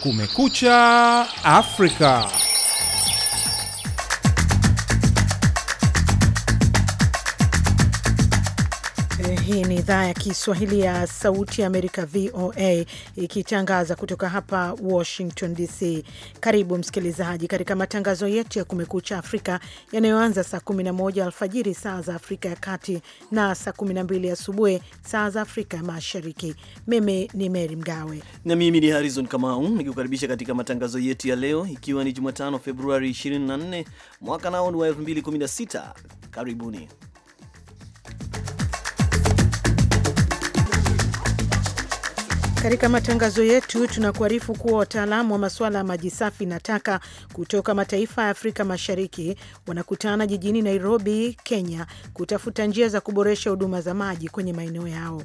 Kumekucha Afrika. Hii ni idhaa ya Kiswahili ya Sauti ya Amerika, VOA, ikitangaza kutoka hapa Washington DC. Karibu msikilizaji katika matangazo yetu ya Kumekucha Afrika yanayoanza saa 11 alfajiri saa za Afrika ya Kati na saa 12 asubuhi saa za Afrika ya Mashariki. Mimi ni Meri Mgawe na mimi ni harizon Kamau nikukaribisha katika matangazo yetu ya leo, ikiwa ni Jumatano Februari 24 mwaka nao ni wa 2016. Karibuni. Katika matangazo yetu tunakuarifu kuwa wataalamu wa masuala ya maji safi na taka kutoka mataifa ya Afrika Mashariki wanakutana jijini Nairobi, Kenya, kutafuta njia za kuboresha huduma za maji kwenye maeneo yao.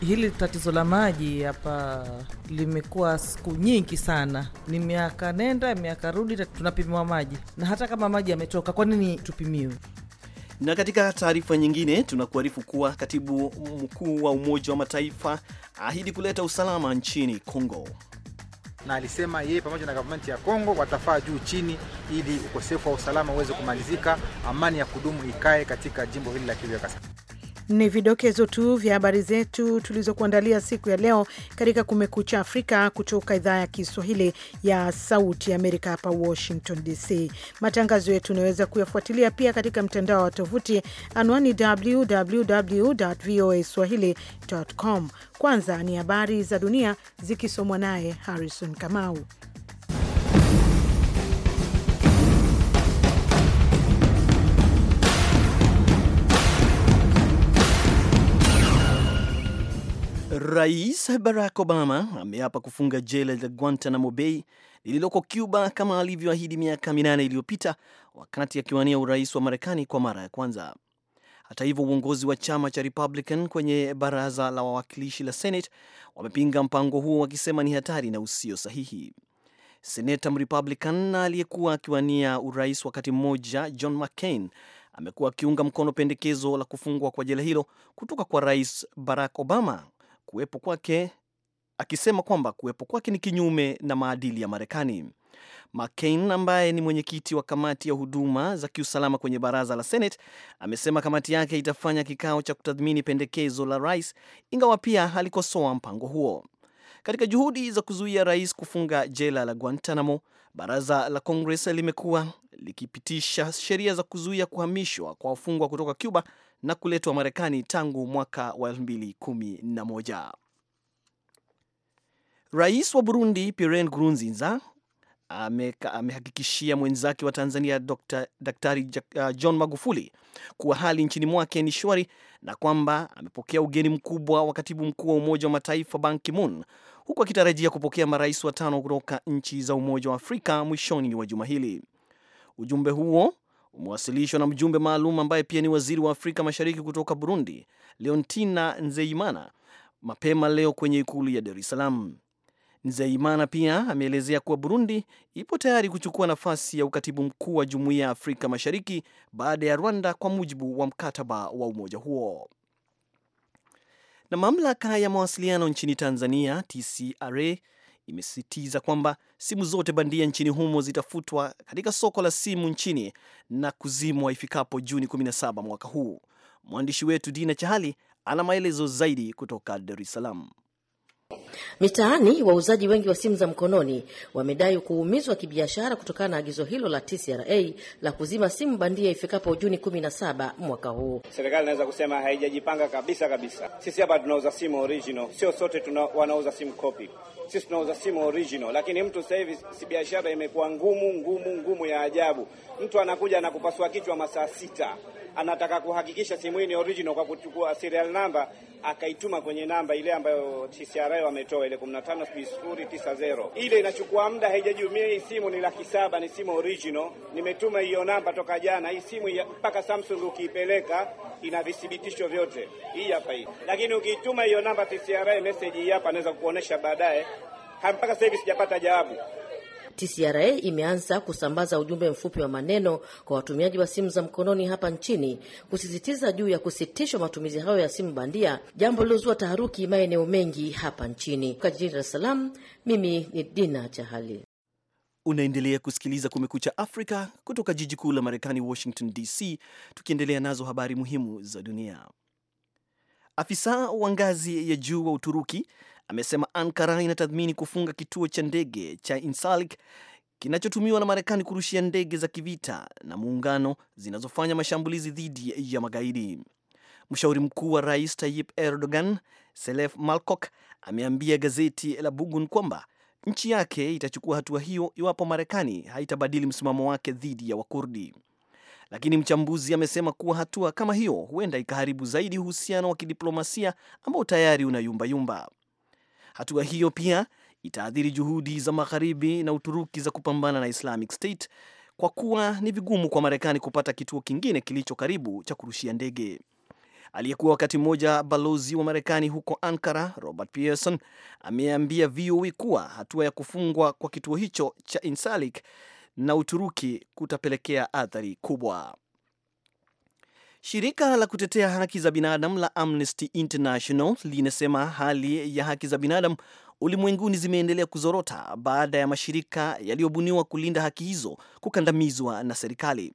Hili tatizo la maji hapa limekuwa siku nyingi sana, ni miaka nenda miaka rudi tunapimiwa maji, na hata kama maji yametoka, kwa nini tupimiwe? Na katika taarifa nyingine tunakuarifu kuwa katibu mkuu wa Umoja wa Mataifa ahidi kuleta usalama nchini congo na alisema yeye pamoja na gavumenti ya Kongo watafaa juu chini, ili ukosefu wa usalama uweze kumalizika, amani ya kudumu ikae katika jimbo hili la Kivu ya Kaskazini. Ni vidokezo tu vya habari zetu tulizokuandalia siku ya leo katika Kumekucha Afrika kutoka idhaa ya Kiswahili ya Sauti Amerika hapa Washington DC. Matangazo yetu unaweza kuyafuatilia pia katika mtandao wa tovuti anwani www voa swahili.com. Kwanza ni habari za dunia zikisomwa naye Harrison Kamau. Rais Barack Obama ameapa kufunga jela la Guantanamo Bay lililoko Cuba kama alivyoahidi miaka minane iliyopita wakati akiwania urais wa Marekani kwa mara ya kwanza. Hata hivyo, uongozi wa chama cha Republican kwenye baraza la wawakilishi la Senate wamepinga mpango huo wakisema ni hatari na usio sahihi. Senata Mrepublican na aliyekuwa akiwania urais wakati mmoja John McCain amekuwa akiunga mkono pendekezo la kufungwa kwa jela hilo kutoka kwa Rais Barack Obama kuwepo kwake akisema kwamba kuwepo kwake ni kinyume na maadili ya Marekani. McCain ambaye ni mwenyekiti wa kamati ya huduma za kiusalama kwenye baraza la Senate amesema kamati yake itafanya kikao cha kutathmini pendekezo la rais, ingawa pia alikosoa mpango huo. Katika juhudi za kuzuia rais kufunga jela la Guantanamo, baraza la Congress limekuwa likipitisha sheria za kuzuia kuhamishwa kwa wafungwa kutoka Cuba na kuletwa Marekani tangu mwaka wa 2011. Rais wa Burundi Pierre Nkurunziza amehakikishia mwenzake wa Tanzania Dr. Daktari uh, John Magufuli kuwa hali nchini mwake ni shwari na kwamba amepokea ugeni mkubwa wa katibu mkuu wa Umoja wa Mataifa Ban Ki-moon huku akitarajia kupokea marais watano kutoka nchi za Umoja wa Afrika mwishoni wa juma hili. Ujumbe huo umewasilishwa na mjumbe maalum ambaye pia ni waziri wa Afrika Mashariki kutoka Burundi, Leontina Nzeimana, mapema leo kwenye ikulu ya Dar es Salaam. Nzeimana pia ameelezea kuwa Burundi ipo tayari kuchukua nafasi ya ukatibu mkuu wa Jumuiya ya Afrika Mashariki baada ya Rwanda kwa mujibu wa mkataba wa umoja huo. Na mamlaka ya mawasiliano nchini Tanzania TCRA imesisitiza kwamba simu zote bandia nchini humo zitafutwa katika soko la simu nchini na kuzimwa ifikapo Juni 17 mwaka huu. Mwandishi wetu Dina Chahali ana maelezo zaidi kutoka Dar es Salaam. Mitaani wauzaji wengi wa simu za mkononi wamedai kuumizwa kibiashara kutokana na agizo hilo la TCRA la kuzima simu bandia ifikapo Juni 17 na mwaka huu. Serikali inaweza kusema haijajipanga kabisa kabisa. Sisi hapa tunauza simu original, sio sote tuna, wanauza simu copy. Sisi tunauza simu original, lakini mtu sasa hivi si biashara imekuwa ngumu ngumu ngumu ya ajabu. Mtu anakuja anakupasua kichwa masaa sita, anataka kuhakikisha simu hii ni original kwa kuchukua serial number akaituma kwenye namba ile ambayo TCRA ametoa ile 15090 ile inachukua muda, haijajumia. Hii simu ni laki saba, ni simu original. Nimetuma hiyo namba toka jana. Hii simu mpaka Samsung ukiipeleka ina vithibitisho vyote, hii hapa hii. Lakini ukiituma hiyo namba TCRA message hii hapa, anaweza kukuonesha baadaye. Mpaka sasa hivi sijapata jawabu. TCRA imeanza kusambaza ujumbe mfupi wa maneno kwa watumiaji wa simu za mkononi hapa nchini kusisitiza juu ya kusitishwa matumizi hayo ya simu bandia, jambo lilozua taharuki maeneo mengi hapa nchini. Kutoka jijini Dar es Salaam, mimi ni Dina Chahali. Unaendelea kusikiliza Kumekucha Afrika kutoka jiji kuu la Marekani, Washington DC, tukiendelea nazo habari muhimu za dunia. Afisa wa ngazi ya juu wa Uturuki amesema Ankara inatathmini kufunga kituo cha ndege cha Insalik kinachotumiwa na Marekani kurushia ndege za kivita na muungano zinazofanya mashambulizi dhidi ya magaidi. Mshauri mkuu wa rais Tayyip Erdogan, Selef Malkok, ameambia gazeti la Bugun kwamba nchi yake itachukua hatua hiyo iwapo Marekani haitabadili msimamo wake dhidi ya Wakurdi. Lakini mchambuzi amesema kuwa hatua kama hiyo huenda ikaharibu zaidi uhusiano wa kidiplomasia ambao tayari una yumbayumba. Hatua hiyo pia itaathiri juhudi za Magharibi na Uturuki za kupambana na Islamic State kwa kuwa ni vigumu kwa Marekani kupata kituo kingine kilicho karibu cha kurushia ndege. Aliyekuwa wakati mmoja balozi wa Marekani huko Ankara, Robert Pearson, ameambia VOA e kuwa hatua ya kufungwa kwa kituo hicho cha Insalik na Uturuki kutapelekea athari kubwa. Shirika la kutetea haki za binadamu la Amnesty International linasema hali ya haki za binadamu ulimwenguni zimeendelea kuzorota baada ya mashirika yaliyobuniwa kulinda haki hizo kukandamizwa na serikali.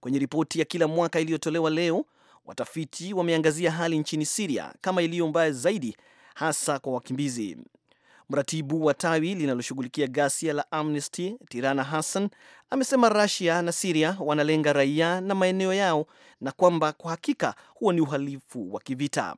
Kwenye ripoti ya kila mwaka iliyotolewa leo, watafiti wameangazia hali nchini Siria kama iliyo mbaya zaidi, hasa kwa wakimbizi. Mratibu wa tawi linaloshughulikia ghasia la Amnesty Tirana Hassan amesema Russia na Siria wanalenga raia na maeneo yao na kwamba kwa hakika huo ni uhalifu wa kivita.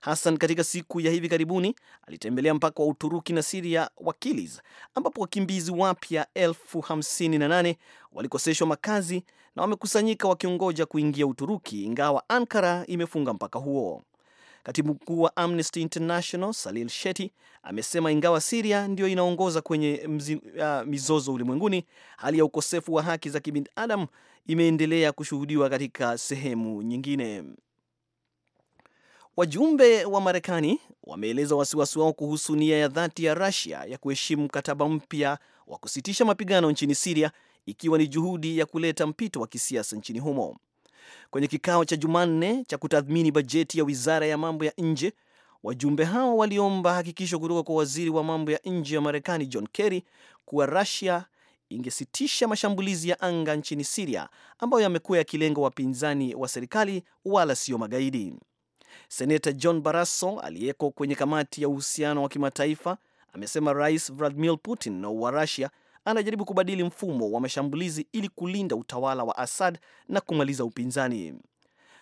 Hassan katika siku ya hivi karibuni alitembelea mpaka wa Uturuki na Siria wa Kilis ambapo wakimbizi wapya elfu hamsini na nane walikoseshwa makazi na wamekusanyika wakiongoja kuingia Uturuki ingawa Ankara imefunga mpaka huo. Katibu mkuu wa Amnesty International Salil Sheti amesema ingawa Siria ndiyo inaongoza kwenye mzi, uh, mizozo ulimwenguni, hali ya ukosefu wa haki za kibinadamu imeendelea kushuhudiwa katika sehemu nyingine. Wajumbe wa Marekani wameeleza wasiwasi wao kuhusu nia ya dhati ya Russia ya kuheshimu mkataba mpya wa kusitisha mapigano nchini Siria, ikiwa ni juhudi ya kuleta mpito wa kisiasa nchini humo. Kwenye kikao cha Jumanne cha kutathmini bajeti ya wizara ya mambo ya nje, wajumbe hao waliomba hakikisho kutoka kwa waziri wa mambo ya nje ya Marekani John Kerry kuwa rasia ingesitisha mashambulizi ya anga nchini Siria ambayo yamekuwa yakilenga wapinzani wa serikali wala sio magaidi. Seneta John Barrasso aliyeko kwenye kamati ya uhusiano wa kimataifa amesema Rais Vladimir Putin wa Russia anajaribu kubadili mfumo wa mashambulizi ili kulinda utawala wa Assad na kumaliza upinzani.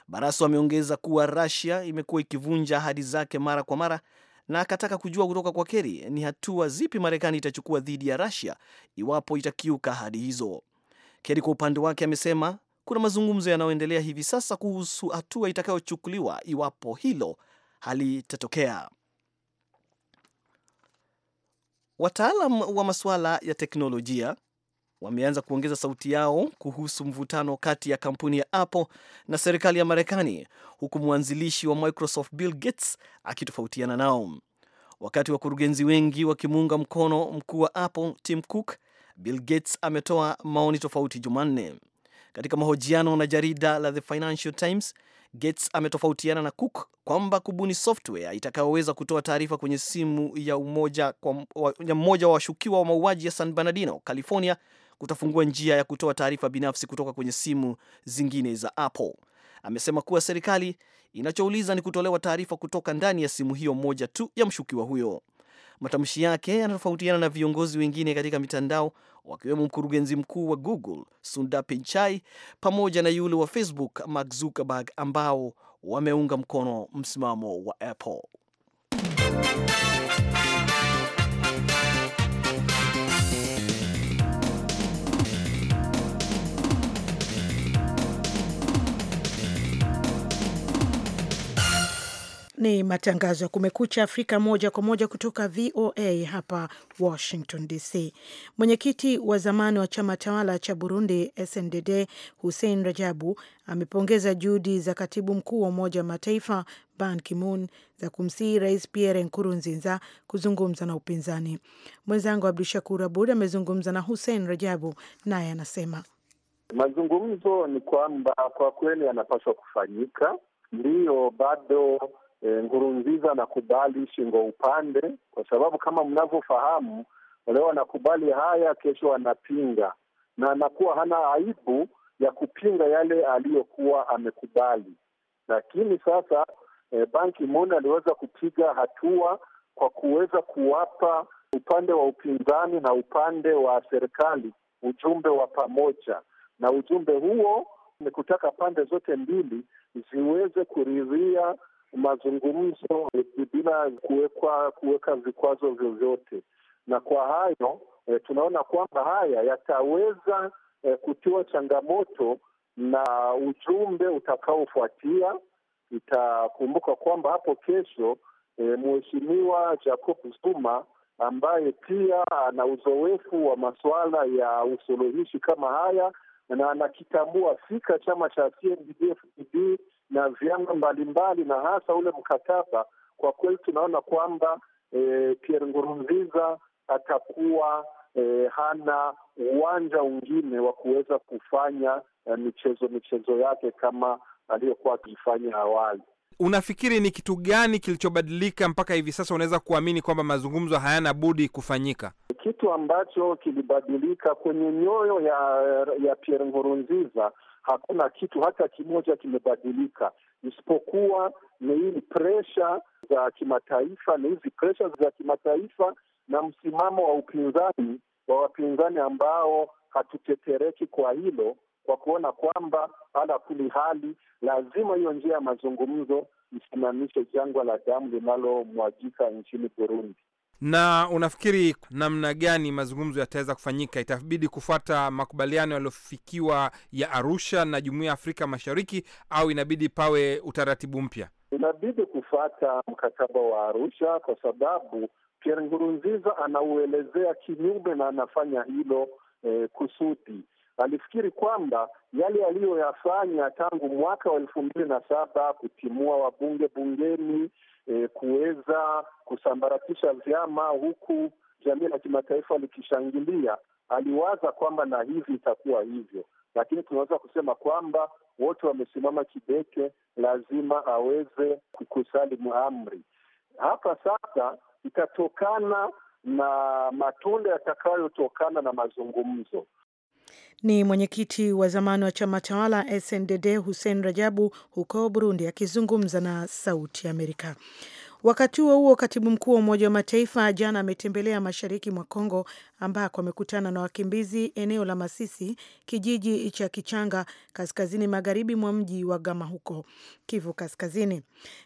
Barroso ameongeza kuwa Russia imekuwa ikivunja ahadi zake mara kwa mara na akataka kujua kutoka kwa Kerry ni hatua zipi Marekani itachukua dhidi ya Russia iwapo itakiuka ahadi hizo. Kerry kwa upande wake amesema kuna mazungumzo yanayoendelea hivi sasa kuhusu hatua itakayochukuliwa iwapo hilo halitatokea. Wataalam wa masuala ya teknolojia wameanza kuongeza sauti yao kuhusu mvutano kati ya kampuni ya Apple na serikali ya Marekani, huku mwanzilishi wa Microsoft Bill Gates akitofautiana nao. Wakati wakurugenzi wengi wakimuunga mkono mkuu wa Apple Tim Cook, Bill Gates ametoa maoni tofauti Jumanne. Katika mahojiano na jarida la The Financial Times, Gates ametofautiana na Cook kwamba kubuni software itakayoweza kutoa taarifa kwenye simu ya mmoja wa washukiwa wa mauaji ya San Bernardino, California, kutafungua njia ya kutoa taarifa binafsi kutoka kwenye simu zingine za Apple. Amesema kuwa serikali inachouliza ni kutolewa taarifa kutoka ndani ya simu hiyo moja tu ya mshukiwa huyo. Matamshi yake yanatofautiana na viongozi wengine katika mitandao wakiwemo mkurugenzi mkuu wa Google Sundar Pichai pamoja na yule wa Facebook Mark Zuckerberg ambao wameunga mkono msimamo wa Apple. Ni matangazo ya Kumekucha Afrika moja kwa moja kutoka VOA hapa Washington DC. Mwenyekiti wa zamani wa chama tawala cha Burundi SNDD Hussein Rajabu amepongeza juhudi za katibu mkuu wa Umoja wa Mataifa Ban Ki-moon za kumsihi Rais Pierre Nkurunziza kuzungumza na upinzani. Mwenzangu Abdu Shakur Abud amezungumza na Hussein Rajabu, naye anasema mazungumzo ni kwamba kwa kweli yanapaswa kufanyika. Ndiyo, bado e, Nkurunziza anakubali shingo upande, kwa sababu kama mnavyofahamu, leo anakubali haya, kesho anapinga, na anakuwa hana aibu ya kupinga yale aliyokuwa amekubali. Lakini sasa e, Ban Ki-moon aliweza kupiga hatua kwa kuweza kuwapa upande wa upinzani na upande wa serikali ujumbe wa pamoja, na ujumbe huo ni kutaka pande zote mbili ziweze kuridhia mazungumzo bila kuwekwa kuweka vikwazo vyovyote, na kwa hayo e, tunaona kwamba haya yataweza e, kutiwa changamoto na ujumbe utakaofuatia. Itakumbuka kwamba hapo kesho e, Mheshimiwa Jacob Zuma ambaye pia ana uzoefu wa masuala ya usuluhishi kama haya na anakitambua fika chama cha CNDD-FDD na vyama mbalimbali na hasa ule mkataba, kwa kweli tunaona kwamba e, Pierre Nkurunziza atakuwa e, hana uwanja wengine wa kuweza kufanya e, michezo michezo yake kama aliyokuwa akifanya awali. Unafikiri ni kitu gani kilichobadilika mpaka hivi sasa unaweza kuamini kwamba mazungumzo hayana budi kufanyika? Kitu ambacho kilibadilika kwenye nyoyo ya, ya Pierre Nkurunziza hakuna kitu hata kimoja kimebadilika, isipokuwa ni hii presha za kimataifa, ni hizi presha za kimataifa na msimamo wa upinzani wa wapinzani ambao hatutetereki kwa hilo, kwa kuona kwamba hala kuli hali lazima hiyo njia ya mazungumzo isimamishe jangwa la damu linalomwagika nchini Burundi. Na unafikiri namna gani mazungumzo yataweza kufanyika? Itabidi kufuata makubaliano yaliyofikiwa ya Arusha na Jumuiya ya Afrika Mashariki au inabidi pawe utaratibu mpya? Inabidi kufuata mkataba wa Arusha kwa sababu Pierre Nkurunziza anauelezea kinyume na anafanya hilo eh, kusudi alifikiri kwamba yale aliyoyafanya tangu mwaka wa elfu mbili na saba kutimua wabunge bungeni e, kuweza kusambaratisha vyama, huku jamii la kimataifa likishangilia. Aliwaza kwamba na hivi itakuwa hivyo, lakini tunaweza kusema kwamba wote wamesimama kibeke, lazima aweze kusalimu amri. Hapa sasa itatokana na matunda yatakayotokana na mazungumzo. Ni mwenyekiti wa zamani wa chama tawala SNDD Hussein Rajabu huko Burundi, akizungumza na Sauti Amerika. Wakati huo huo, katibu mkuu wa Umoja wa Mataifa jana ametembelea mashariki mwa Kongo ambako amekutana na wakimbizi eneo la Masisi, kijiji cha Kichanga, kaskazini magharibi mwa mji wa Gama huko Kivu Kaskazini.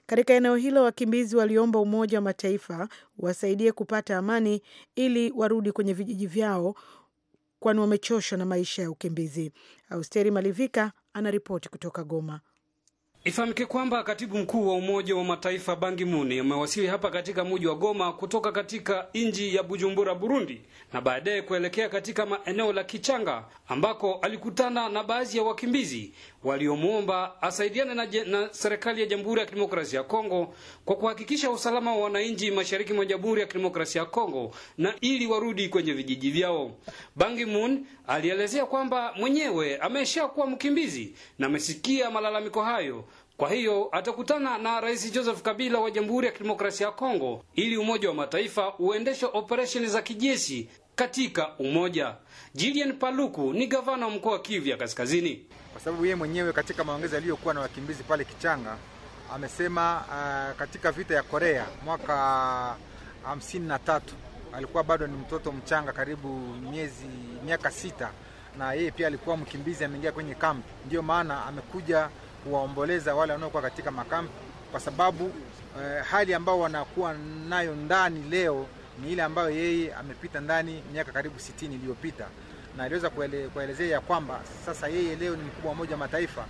Katika eneo hilo, wakimbizi waliomba Umoja wa Mataifa wasaidie kupata amani ili warudi kwenye vijiji vyao, kwani wamechoshwa na maisha ya ukimbizi. Austeri Malivika anaripoti kutoka Goma. Ifahamike kwamba katibu mkuu wa Umoja wa Mataifa Bangi Muni amewasili hapa katika mji wa Goma kutoka katika nchi ya Bujumbura, Burundi, na baadaye kuelekea katika maeneo la Kichanga ambako alikutana na baadhi ya wakimbizi waliomwomba asaidiane na, na serikali ya Jamhuri ya Kidemokrasia ya Kongo kwa kuhakikisha usalama wa wananchi mashariki mwa Jamhuri ya Kidemokrasia ya Kongo na ili warudi kwenye vijiji vyao. Bangi Muni alielezea kwamba mwenyewe ameshakuwa mkimbizi na amesikia malalamiko hayo kwa hiyo atakutana na Rais Joseph Kabila wa Jamhuri ya Kidemokrasia ya Kongo ili Umoja wa Mataifa uendeshe operesheni za kijeshi katika umoja. Julian Paluku ni gavana wa mkoa wa Kivu ya Kaskazini. Kwa sababu yeye mwenyewe katika maongezi aliyokuwa na wakimbizi pale Kichanga amesema uh, katika vita ya Korea mwaka hamsini na tatu alikuwa bado ni mtoto mchanga, karibu miezi miaka sita, na yeye pia alikuwa mkimbizi, ameingia kwenye kampi ndiyo maana amekuja kuwaomboleza wale wanaokuwa katika makampi, kwa sababu eh, hali ambayo wanakuwa nayo ndani leo ni ile ambayo yeye amepita ndani miaka karibu sitini iliyopita, na aliweza kuelezea ya kwamba sasa yeye leo ni mkubwa wa moja wa Mataifa,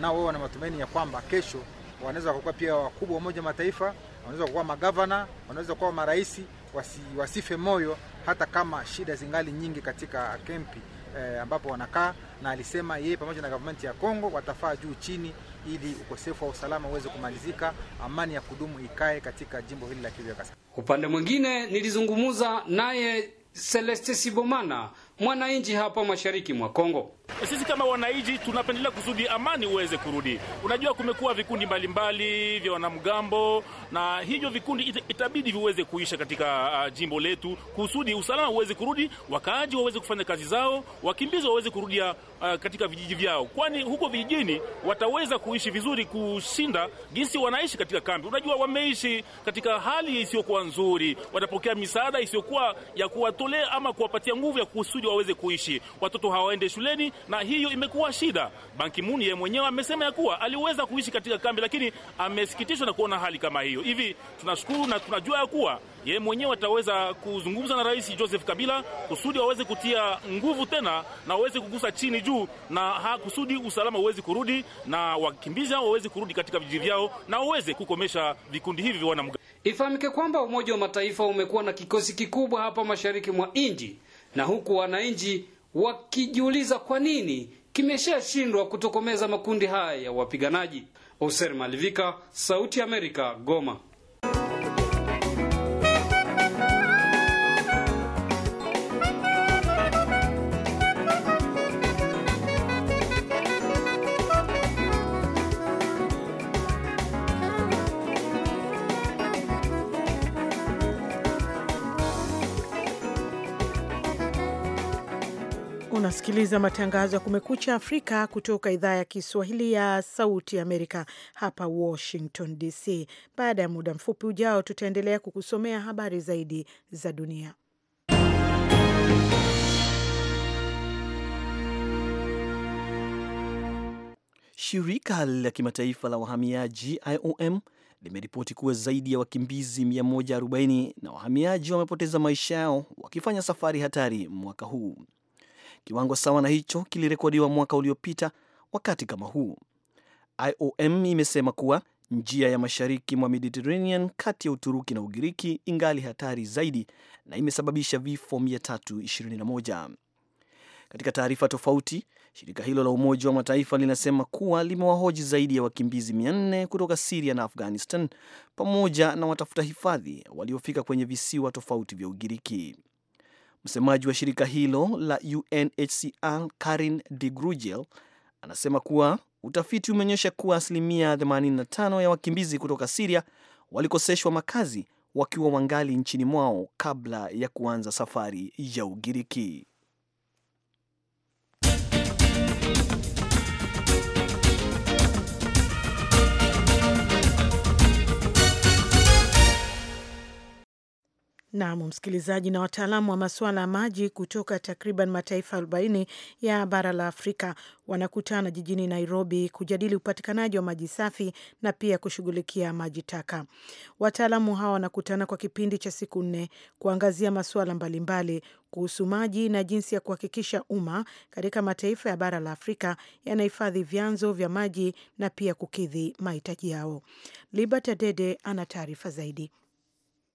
nao wao wana matumaini ya kwamba kesho wanaweza kuwa pia wakubwa wa moja wa Mataifa, wanaweza kuwa magavana, wanaweza kuwa marahisi wasi, wasife moyo hata kama shida zingali nyingi katika kempi eh, ambapo wanakaa na alisema yeye pamoja na government ya Kongo watafaa juu chini ili ukosefu wa usalama uweze kumalizika, amani ya kudumu ikae katika jimbo hili la Kivu Kaskazini. Upande mwingine nilizungumza naye Celeste Sibomana mwananchi hapa mashariki mwa Kongo. Sisi kama wananchi tunapendelea kusudi amani uweze kurudi. Unajua, kumekuwa vikundi mbalimbali vya wanamgambo, na hivyo vikundi itabidi viweze kuisha katika uh, jimbo letu kusudi usalama uweze kurudi, wakaaji waweze kufanya kazi zao, wakimbizi waweze kurudia uh, katika vijiji vyao, kwani huko vijijini wataweza kuishi vizuri kushinda jinsi wanaishi katika kambi. Unajua, wameishi katika hali isiyokuwa nzuri, watapokea misaada isiyokuwa ya kuwatolea ama kuwapatia nguvu ya kusudi waweze kuishi, watoto hawaende shuleni, na hiyo imekuwa shida. Ban Ki-moon yeye mwenyewe amesema ya kuwa aliweza kuishi katika kambi, lakini amesikitishwa na kuona hali kama hiyo. Hivi tunashukuru na tunajua ya kuwa yeye mwenyewe ataweza kuzungumza na Rais Joseph Kabila kusudi waweze kutia nguvu tena na waweze kugusa chini juu, na kusudi usalama uweze kurudi na wakimbizi hao waweze kurudi katika vijiji vyao na waweze kukomesha vikundi hivi vya wanamgambo. Ifahamike kwamba Umoja wa Mataifa umekuwa na kikosi kikubwa hapa mashariki mwa nchi na huku wananchi wakijiuliza kwa nini kimeshashindwa kutokomeza makundi haya ya wapiganaji. Oser Malivika, Sauti ya Amerika, Goma. unasikiliza matangazo ya Kumekucha Afrika kutoka idhaa ya Kiswahili ya Sauti Amerika hapa Washington DC. Baada ya muda mfupi ujao, tutaendelea kukusomea habari zaidi za dunia. Shirika la kimataifa la wahamiaji IOM limeripoti kuwa zaidi ya wakimbizi 140 na wahamiaji wamepoteza maisha yao wakifanya safari hatari mwaka huu. Kiwango sawa na hicho kilirekodiwa mwaka uliopita wakati kama huu. IOM imesema kuwa njia ya mashariki mwa Mediterranean kati ya Uturuki na Ugiriki ingali hatari zaidi na imesababisha vifo 321. Katika taarifa tofauti, shirika hilo la Umoja wa Mataifa linasema kuwa limewahoji zaidi ya wakimbizi 400 kutoka Siria na Afghanistan pamoja na watafuta hifadhi waliofika kwenye visiwa tofauti vya Ugiriki. Msemaji wa shirika hilo la UNHCR Karin de grugel anasema kuwa utafiti umeonyesha kuwa asilimia 85 ya wakimbizi kutoka Siria walikoseshwa makazi wakiwa wangali nchini mwao kabla ya kuanza safari ya Ugiriki. Nam msikilizaji, na wataalamu wa masuala ya maji kutoka takriban mataifa 40 ya bara la Afrika wanakutana jijini Nairobi kujadili upatikanaji wa maji safi na pia kushughulikia maji taka. Wataalamu hawa wanakutana kwa kipindi cha siku nne kuangazia masuala mbalimbali kuhusu maji na jinsi ya kuhakikisha umma katika mataifa ya bara la Afrika yanahifadhi vyanzo vya maji na pia kukidhi mahitaji yao. Liberta Dede ana taarifa zaidi.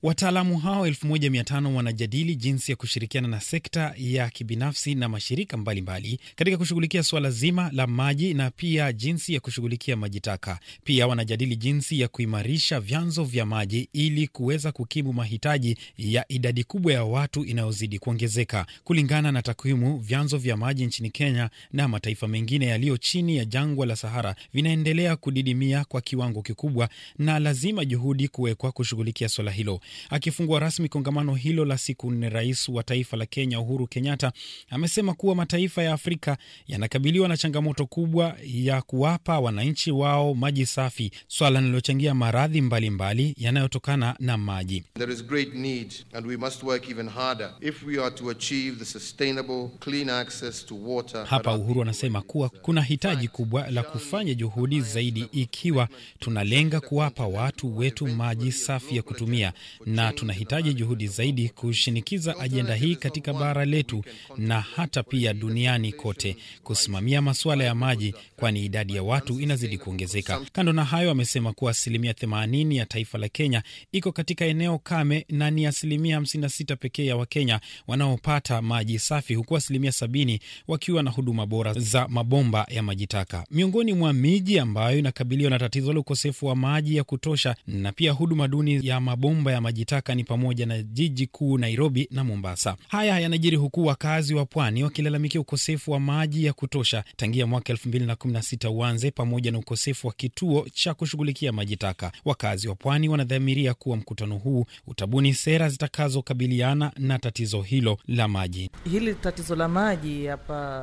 Wataalamu hao 1500 wanajadili jinsi ya kushirikiana na sekta ya kibinafsi na mashirika mbalimbali katika kushughulikia suala zima la maji na pia jinsi ya kushughulikia maji taka. Pia wanajadili jinsi ya kuimarisha vyanzo vya maji ili kuweza kukimu mahitaji ya idadi kubwa ya watu inayozidi kuongezeka. Kulingana na takwimu, vyanzo vya maji nchini Kenya na mataifa mengine yaliyo chini ya jangwa la Sahara vinaendelea kudidimia kwa kiwango kikubwa, na lazima juhudi kuwekwa kushughulikia suala hilo. Akifungua rasmi kongamano hilo la siku nne, rais wa taifa la Kenya Uhuru Kenyatta amesema kuwa mataifa ya Afrika yanakabiliwa na changamoto kubwa ya kuwapa wananchi wao maji safi, swala linalochangia maradhi mbalimbali yanayotokana na maji. There is great need and we must work even harder if we are to achieve the sustainable clean access to water. Hapa Uhuru anasema kuwa kuna hitaji kubwa la kufanya juhudi zaidi ikiwa tunalenga kuwapa watu wetu maji safi ya kutumia na tunahitaji juhudi zaidi kushinikiza ajenda hii katika bara letu na hata pia duniani kote, kusimamia masuala ya maji, kwani idadi ya watu inazidi kuongezeka. Kando na hayo, amesema kuwa asilimia 80 ya taifa la Kenya iko katika eneo kame na ni asilimia 56 pekee ya Wakenya wanaopata maji safi, huku asilimia 70 wakiwa na huduma bora za mabomba ya maji taka. Miongoni mwa miji ambayo inakabiliwa na tatizo la ukosefu wa maji ya kutosha na pia huduma duni ya mabomba ya maji taka ni pamoja na jiji kuu Nairobi na Mombasa. Haya yanajiri huku wakazi wa pwani wakilalamikia ukosefu wa maji ya kutosha tangia mwaka elfu mbili na kumi na sita uanze, pamoja na ukosefu wa kituo cha kushughulikia maji taka. Wakazi wa pwani wanadhamiria kuwa mkutano huu utabuni sera zitakazokabiliana na tatizo hilo la maji. Hili tatizo la maji hapa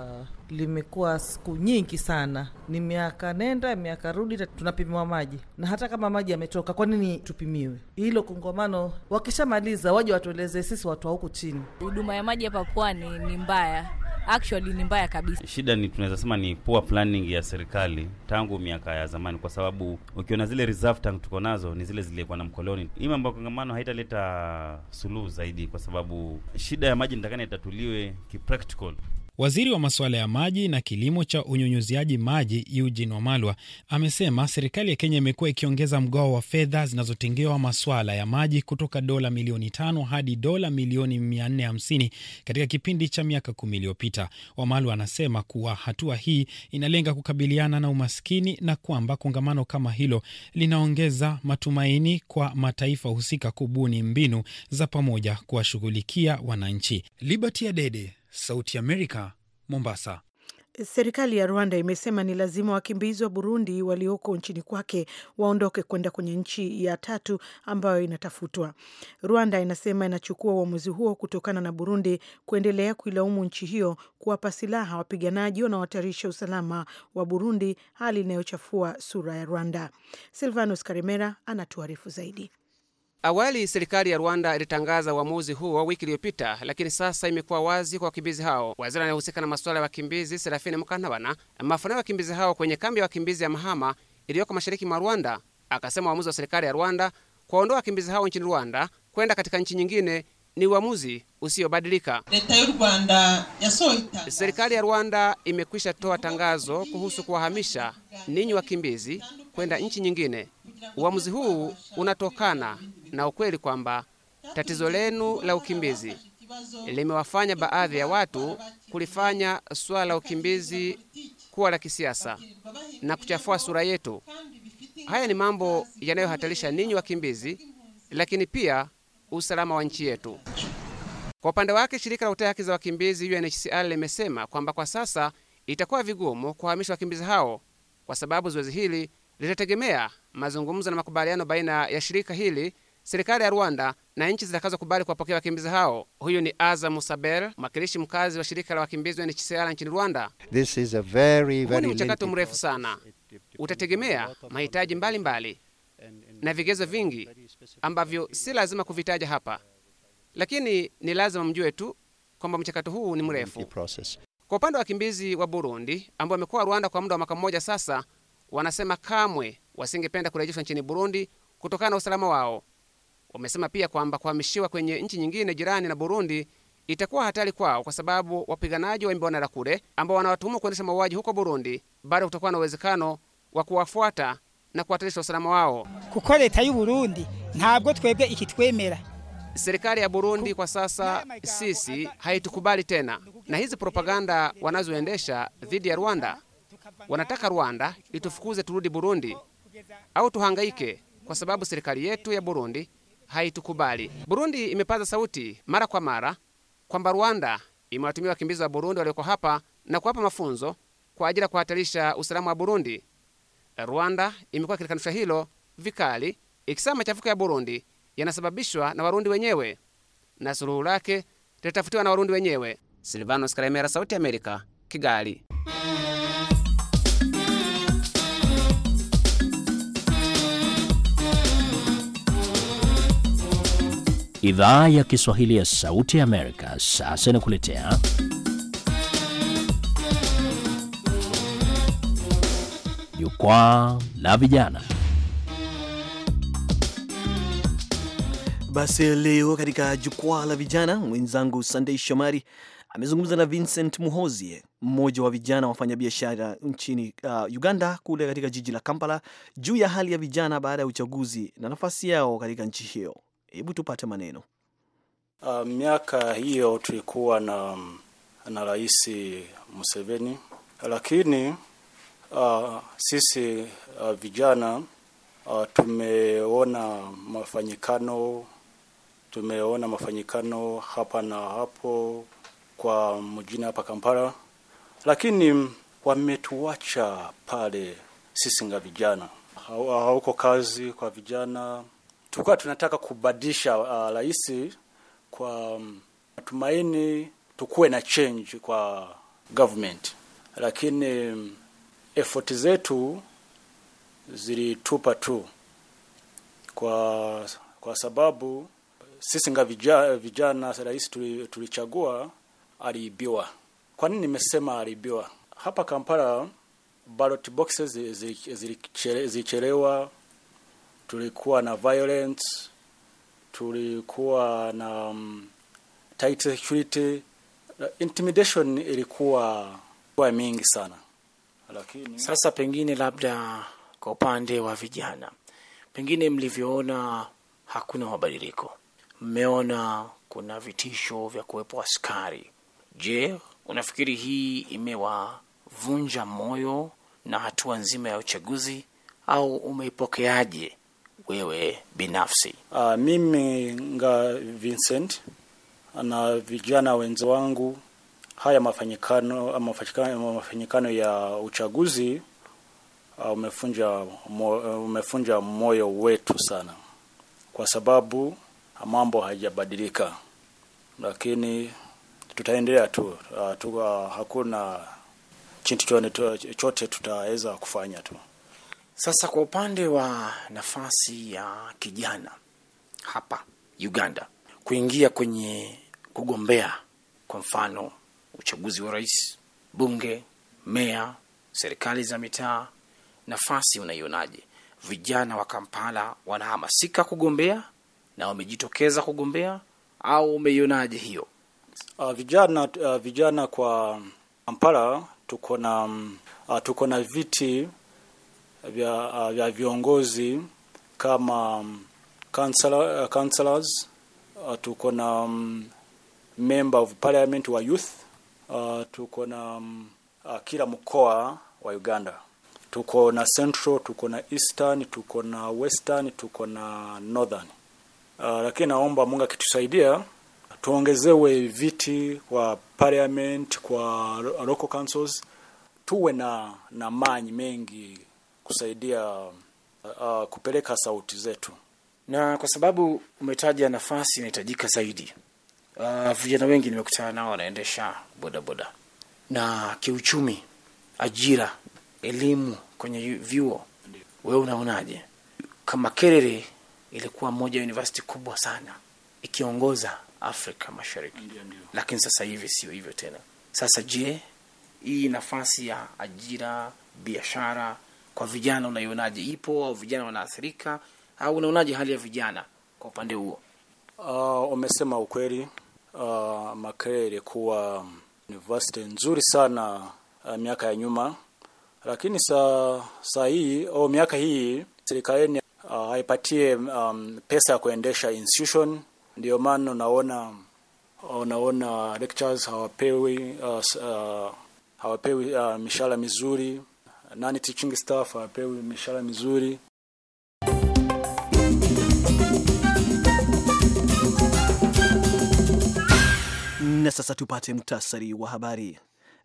limekuwa siku nyingi sana, ni miaka nenda miaka rudi, tunapimiwa maji, na hata kama maji yametoka, kwa nini tupimiwe? Hilo kongamano wakishamaliza, waje watueleze sisi watu wa huku chini. Huduma ya maji hapa pwani ni mbaya, actually ni mbaya kabisa. Shida ni tunaweza sema ni poor planning ya serikali tangu miaka ya zamani, kwa sababu ukiona zile reserve tank tuko nazo ni zile zilikuwa na mkoloni. Hii mambo ya kongamano haitaleta suluhu zaidi, kwa sababu shida ya maji nitakana itatuliwe kipractical Waziri wa masuala ya maji na kilimo cha unyunyuziaji maji Eugene Wamalwa amesema serikali ya Kenya imekuwa ikiongeza mgao wa fedha zinazotengewa masuala ya maji kutoka dola milioni tano hadi dola milioni 450 katika kipindi cha miaka kumi iliyopita. Wamalwa anasema kuwa hatua hii inalenga kukabiliana na umaskini na kwamba kongamano kama hilo linaongeza matumaini kwa mataifa husika kubuni mbinu za pamoja kuwashughulikia wananchi. Liberty Adede Sauti Amerika, Mombasa. Serikali ya Rwanda imesema ni lazima wakimbizi wa Burundi walioko nchini kwake waondoke kwenda kwenye nchi ya tatu ambayo inatafutwa. Rwanda inasema inachukua uamuzi huo kutokana na Burundi kuendelea kuilaumu nchi hiyo kuwapa silaha wapiganaji wanaohatarisha usalama wa Burundi, hali inayochafua sura ya Rwanda. Silvanus Karimera anatuarifu zaidi. Awali serikali ya Rwanda ilitangaza uamuzi huo wiki iliyopita, lakini sasa imekuwa wazi kwa wakimbizi hao. Waziri anayehusika na masuala ya wakimbizi Serafini Mukantabana ya wakimbizi hao kwenye kambi ya wakimbizi ya Mahama iliyoko mashariki mwa Rwanda. Akasema uamuzi wa serikali ya Rwanda kuwaondoa wakimbizi hao nchini Rwanda kwenda katika nchi nyingine ni uamuzi usiobadilika. Serikali ya Rwanda imekwisha toa tangazo kuhusu kuwahamisha ninyi wakimbizi kwenda nchi nyingine. Uamuzi huu unatokana na ukweli kwamba tatizo lenu la ukimbizi limewafanya baadhi ya watu kulifanya swala la ukimbizi kuwa la kisiasa na kuchafua sura yetu. Haya ni mambo yanayohatarisha ninyi wakimbizi, lakini pia usalama wa nchi yetu. Kwa upande wake, shirika la kutetea haki za wakimbizi UNHCR limesema kwamba kwa sasa itakuwa vigumu kuhamisha wakimbizi hao kwa sababu zoezi hili litategemea mazungumzo na makubaliano baina ya shirika hili, serikali ya Rwanda na nchi zitakazokubali kuwapokea wakimbizi hao. Huyu ni aza musabel mwakilishi mkazi wa shirika la wakimbizi wa UNHCR nchini Rwanda. Huu ni mchakato mrefu sana, utategemea mahitaji mbalimbali na vigezo vingi ambavyo si lazima kuvitaja hapa, lakini ni lazima mjue tu kwamba mchakato huu ni mrefu. Kwa upande wa wakimbizi wa Burundi ambao wamekuwa Rwanda kwa muda wa mwaka mmoja sasa wanasema kamwe wasingependa kurejeshwa nchini Burundi kutokana na usalama wao. Wamesema pia kwamba kuhamishiwa kwenye nchi nyingine jirani na Burundi itakuwa hatari kwao kwa sababu wapiganaji wa Imbonerakure ambao wanawatumwa kuendesha mauaji huko Burundi bado kutakuwa na uwezekano wa kuwafuata na kuhatarisha usalama wao. kuko leta y'u Burundi ntabwo twebwe ikitwemera. Serikali ya Burundi kwa sasa sisi haitukubali tena, na hizi propaganda wanazoendesha dhidi ya Rwanda Wanataka Rwanda itufukuze turudi Burundi au tuhangaike, kwa sababu serikali yetu ya Burundi haitukubali. Burundi imepaza sauti mara kwa mara kwamba Rwanda imewatumia wakimbizi wa Burundi walioko hapa na kuwapa mafunzo kwa ajili ya kuhatarisha usalama wa Burundi. Rwanda imekuwa ikilikanusha hilo vikali, ikisema machafuko ya Burundi yanasababishwa na Warundi wenyewe na suluhu lake litatafutiwa na Warundi wenyewe. Silvanos Karemera, Sauti ya Amerika, Kigali. Idhaa ya Kiswahili ya Sauti ya Amerika sasa inakuletea Jukwaa la Vijana. Basi leo katika Jukwaa la Vijana, mwenzangu Sandei Shomari amezungumza na Vincent Muhozie, mmoja wa vijana wafanyabiashara nchini uh, Uganda, kule katika jiji la Kampala, juu ya hali ya vijana baada ya uchaguzi na nafasi yao katika nchi hiyo. Hebu tupate maneno. Uh, miaka hiyo tulikuwa na na Rais Museveni, lakini uh, sisi uh, vijana uh, tumeona mafanyikano tumeona mafanyikano hapa na hapo kwa mjini hapa Kampala, lakini wametuacha pale. Sisi nga vijana hauko kazi kwa vijana tulikuwa tunataka kubadilisha uh, rais kwa um, matumaini tukuwe na change kwa government, lakini um, effort zetu zilitupa tu kwa, kwa sababu sisi nga vijana, vijana rais tulichagua aliibiwa. Kwa nini nimesema aliibiwa? Hapa Kampala ballot boxes zilichelewa tulikuwa na violence, tulikuwa na um, tight security, intimidation ilikuwa kwa mingi sana. Lakini sasa pengine labda kwa upande wa vijana, pengine mlivyoona hakuna mabadiliko, mmeona kuna vitisho vya kuwepo askari. Je, unafikiri hii imewavunja moyo na hatua nzima ya uchaguzi au umeipokeaje? wewe binafsi? Uh, mimi nga Vincent na vijana wenzi wangu, haya mafanyikano mafanyikano ya uchaguzi uh, umefunja mo, umefunja moyo wetu sana, kwa sababu mambo hajabadilika lakini tutaendelea tu, uh, tu uh, hakuna chinti chote tutaweza kufanya tu. Sasa kwa upande wa nafasi ya kijana hapa Uganda kuingia kwenye kugombea, kwa mfano uchaguzi wa rais, bunge, meya, serikali za mitaa, nafasi unaionaje? Vijana wa Kampala wanahamasika kugombea na wamejitokeza kugombea au umeionaje hiyo? Uh, vijana uh, vijana kwa Kampala tuko na uh, tuko na viti vya, uh, vya viongozi kama um, counselor, uh, uh, tuko na um, member of parliament wa youth uh, tuko na um, uh, kila mkoa wa Uganda tuko na central, tuko na eastern, tuko na western, tuko na northern uh, lakini naomba Mungu akitusaidia tuongezewe viti kwa parliament kwa local councils, tuwe na na manyi mengi kusaidia uh, uh, kupeleka sauti zetu. Na kwa sababu umetaja nafasi inahitajika zaidi, uh, vijana wengi nimekutana nao wanaendesha bodaboda, na kiuchumi, ajira, elimu kwenye vyuo, wewe unaonaje? Kama Kerere ilikuwa moja ya university kubwa sana ikiongoza Afrika Mashariki, lakini sasa hivi sio hivyo tena. Sasa je, hii nafasi ya ajira, biashara kwa vijana unaionaje, ipo au vijana wanaathirika au unaonaje hali ya vijana kwa upande huo? Uh, umesema ukweli uh, Makerere ilikuwa university nzuri sana uh, miaka ya nyuma, lakini saa sa hii au miaka hii serikali uh, haipatie um, pesa ya kuendesha institution. Ndio maana unaona unaona lectures hawapewi uh, uh, hawapewi uh, mishahara mizuri nani teaching staff apewe mishahara mizuri. Na sasa tupate muhtasari wa habari.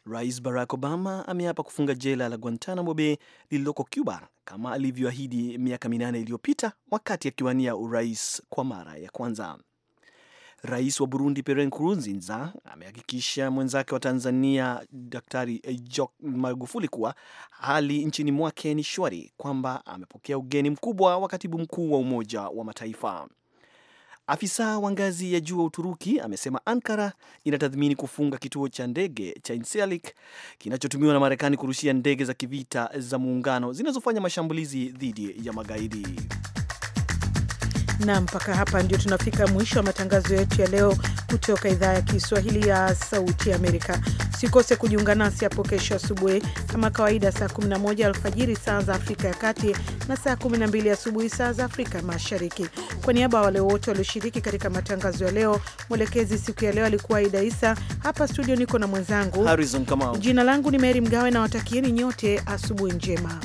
Rais Barack Obama ameapa kufunga jela la Guantanamo Bay lililoko Cuba kama alivyoahidi miaka minane iliyopita wakati akiwania urais kwa mara ya kwanza. Rais wa Burundi Pierre Nkurunziza amehakikisha mwenzake wa Tanzania Daktari jo Magufuli kuwa hali nchini mwake ni shwari, kwamba amepokea ugeni mkubwa wa katibu mkuu wa Umoja wa Mataifa. Afisa wa ngazi ya juu wa Uturuki amesema Ankara inatathmini kufunga kituo cha ndege cha Incirlik kinachotumiwa na Marekani kurushia ndege za kivita za muungano zinazofanya mashambulizi dhidi ya magaidi. Na mpaka hapa ndio tunafika mwisho wa matangazo yetu ya leo kutoka idhaa ya Kiswahili ya Sauti ya Amerika. Sikose kujiunga nasi hapo kesho asubuhi kama kawaida, saa 11 alfajiri saa za Afrika ya Kati na saa 12 asubuhi saa za Afrika Mashariki. Kwa niaba ya wale wote walioshiriki katika matangazo ya leo, mwelekezi siku ya leo alikuwa Aida Isa. Hapa studio niko na mwenzangu Harrison Kamau. Jina langu ni Mary Mgawe na watakieni nyote asubuhi njema.